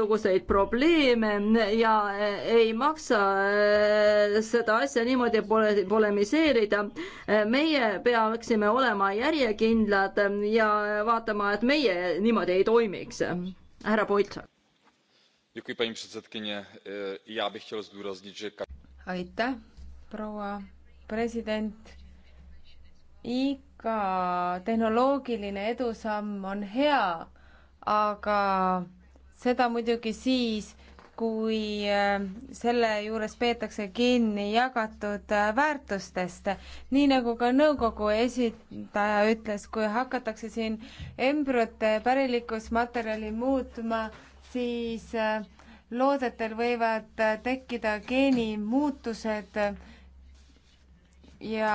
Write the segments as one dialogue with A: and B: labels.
A: igasuguseid probleeme ja ei maksa äh, seda asja niimoodi pole, polemiseerida. Äh, meie peaksime olema järjekindlad ja vaatama, et meie niimoodi ei toimiks. härra Poitsa. Äh, aitäh, proua president. iga tehnoloogiline edusamm on hea, aga seda muidugi siis, kui äh, selle juures peetakse kinni jagatud äh, väärtustest. nii nagu ka nõukogu esindaja ütles, kui hakatakse siin embrüote pärilikkusmaterjali muutma, siis äh, loodetel võivad tekkida geenimuutused ja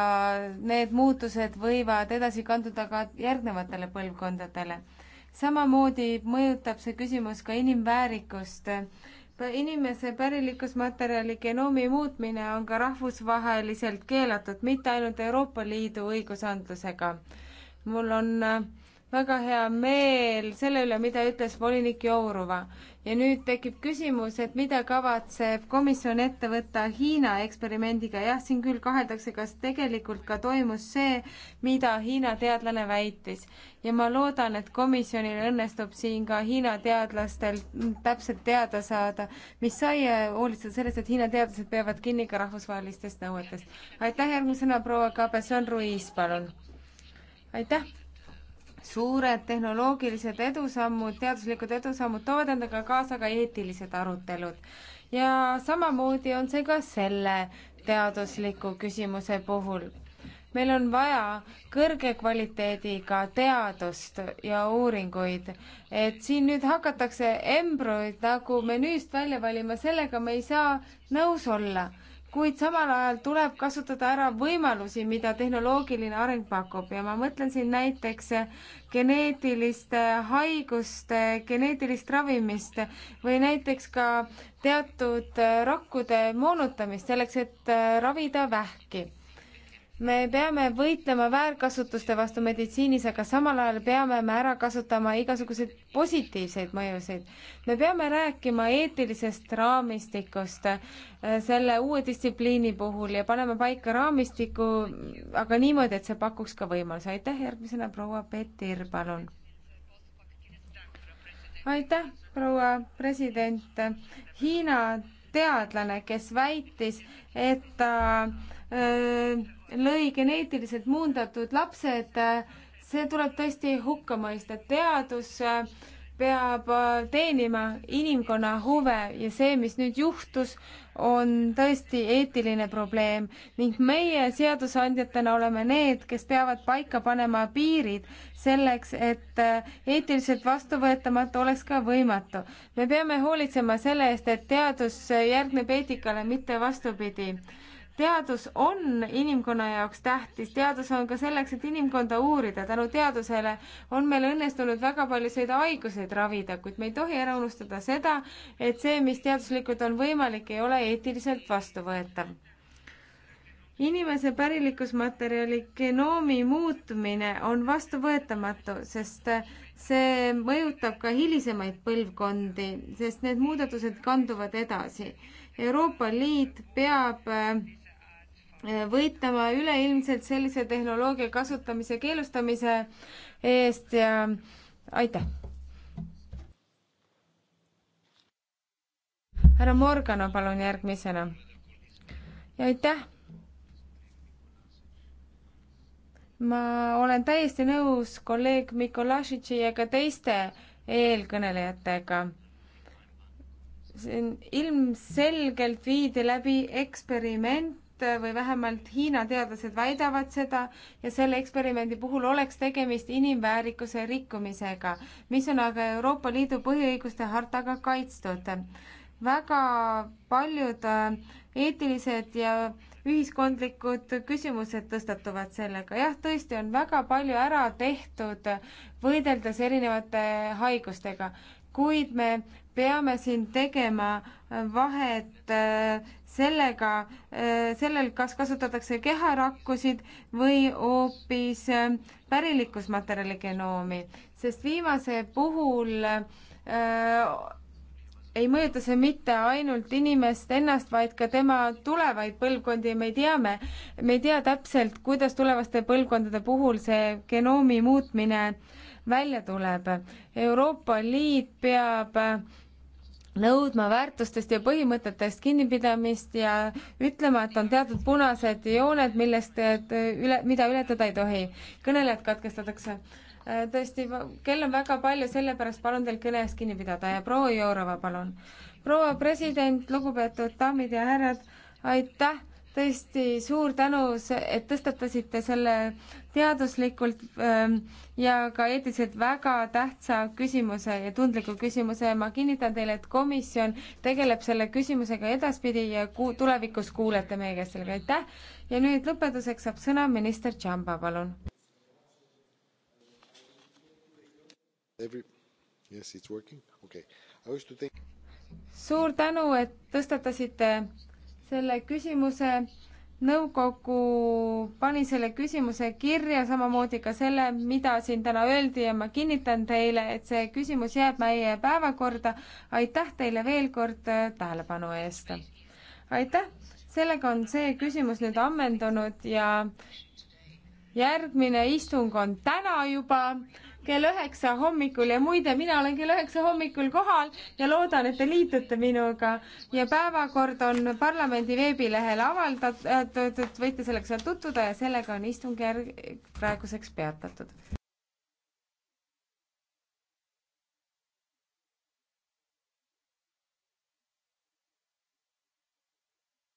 A: need muutused võivad edasi kanduda ka järgnevatele põlvkondadele samamoodi mõjutab see küsimus ka inimväärikust. inimese pärilikkusmaterjali genoomi muutmine on ka rahvusvaheliselt keelatud, mitte ainult Euroopa Liidu õigusandlusega. mul on äh, väga hea meel selle üle, mida ütles volinik Jourova. ja nüüd tekib küsimus, et mida kavatseb komisjon ette võtta Hiina eksperimendiga. jah, siin küll kaheldakse, kas tegelikult ka toimus see, mida Hiina teadlane väitis. ja ma loodan, et komisjonil õnnestub siin ka Hiina teadlastel täpselt teada saada, mis sai hoolitseda sellest, et Hiina teadlased peavad kinni ka rahvusvahelistest nõuetest. aitäh, järgmisena proua Kabes-Ruiz, palun. aitäh suured tehnoloogilised edusammud, teaduslikud edusammud toovad endaga kaasa ka eetilised arutelud. ja samamoodi on see ka selle teadusliku küsimuse puhul. meil on vaja kõrge kvaliteediga teadust ja uuringuid, et siin nüüd hakatakse embrüoid nagu menüüst välja valima, sellega me ei saa nõus olla kuid samal ajal tuleb kasutada ära võimalusi, mida tehnoloogiline areng pakub ja ma mõtlen siin näiteks geneetiliste haiguste, geneetilist ravimist või näiteks ka teatud rakkude moonutamist selleks, et ravida vähki me peame võitlema väärkasutuste vastu meditsiinis, aga samal ajal peame me ära kasutama igasuguseid positiivseid mõjusid. me peame rääkima eetilisest raamistikust äh, selle uue distsipliini puhul ja panema paika raamistiku, aga niimoodi, et see pakuks ka võimalusi. aitäh, järgmisena proua Petir, palun. aitäh, proua president. Hiina teadlane, kes väitis, et ta äh, öö, äh, lõi geneetiliselt muundatud lapsed, äh, see tuleb tõesti hukka mõista, teadus öö, peab äh, teenima inimkonna huve ja see, mis nüüd juhtus, on tõesti eetiline probleem ning meie seadusandjatena oleme need, kes peavad paika panema piirid selleks, et äh, eetiliselt vastuvõetamatu oleks ka võimatu. me peame hoolitsema selle eest, et teadus äh, järgneb eetikale, mitte vastupidi teadus on inimkonna jaoks tähtis, teadus on ka selleks, et inimkonda uurida, tänu teadusele on meil õnnestunud väga paljusid haiguseid ravida, kuid me ei tohi ära unustada seda, et see, mis teaduslikult on võimalik, ei ole eetiliselt vastuvõetav. inimese pärilikkusmaterjali genoomi muutmine on vastuvõetamatu, sest see mõjutab ka hilisemaid põlvkondi, sest need muudatused kanduvad edasi. Euroopa Liit peab äh, võitlema üleilmselt sellise tehnoloogia kasutamise keelustamise eest ja aitäh! härra Morgana, palun järgmisena. ja aitäh! ma olen täiesti nõus kolleeg Mikolašitši ja ka teiste eelkõnelejatega. siin ilmselgelt viidi läbi eksperiment, Äh, või vähemalt Hiina teadlased väidavad seda ja selle eksperimendi puhul oleks tegemist inimväärikuse rikkumisega, mis on aga Euroopa Liidu põhiõiguste hartaga kaitstud väga paljud äh, eetilised ja ühiskondlikud küsimused tõstatuvad sellega. jah, tõesti on väga palju ära tehtud, võideldes erinevate haigustega, kuid me peame siin tegema äh, vahet äh, sellega, sellel, kas kasutatakse keharakkusid või hoopis pärilikkusmaterjali genoomi, sest viimase puhul öö, ei mõjuta see mitte ainult inimest ennast, vaid ka tema tulevaid põlvkondi ja me teame, me ei tea täpselt, kuidas tulevaste põlvkondade puhul see genoomi muutmine välja tuleb. Euroopa Liit peab nõudma väärtustest ja põhimõtetest kinnipidamist ja ütlema, et on teatud punased jooned, millest üle, mida ületada ei tohi. kõnelejad katkestatakse Äh, tõesti, kell on väga palju, sellepärast palun teil kõne eest kinni pidada ja proua Jourova, palun. proua president, lugupeetud daamid ja härrad, aitäh, tõesti suur tänu, et tõstatasite selle teaduslikult ähm, ja ka eetiliselt väga tähtsa küsimuse ja tundliku küsimuse ja ma kinnitan teile, et komisjon tegeleb selle küsimusega edaspidi ja ku-, tulevikus kuulete meie käest sellega, aitäh! ja nüüd lõpetuseks saab sõna minister Tšamba, palun! Every... Yes, it's working? Okay. I wish to thank... suur tänu, et tõstatasite selle küsimuse. nõukogu pani selle küsimuse kirja, samamoodi ka selle, mida siin täna öeldi ja ma kinnitan teile, et see küsimus jääb meie päevakorda. aitäh teile veel kord äh, tähelepanu eest. aitäh, sellega on see küsimus nüüd ammendunud ja järgmine istung on täna juba kell üheksa hommikul ja muide, mina olen kell üheksa hommikul kohal ja loodan, et te liitute minuga ja päevakord on parlamendi veebilehel avaldatud, võite sellega seal tutvuda ja sellega on istungjärg praeguseks peatatud.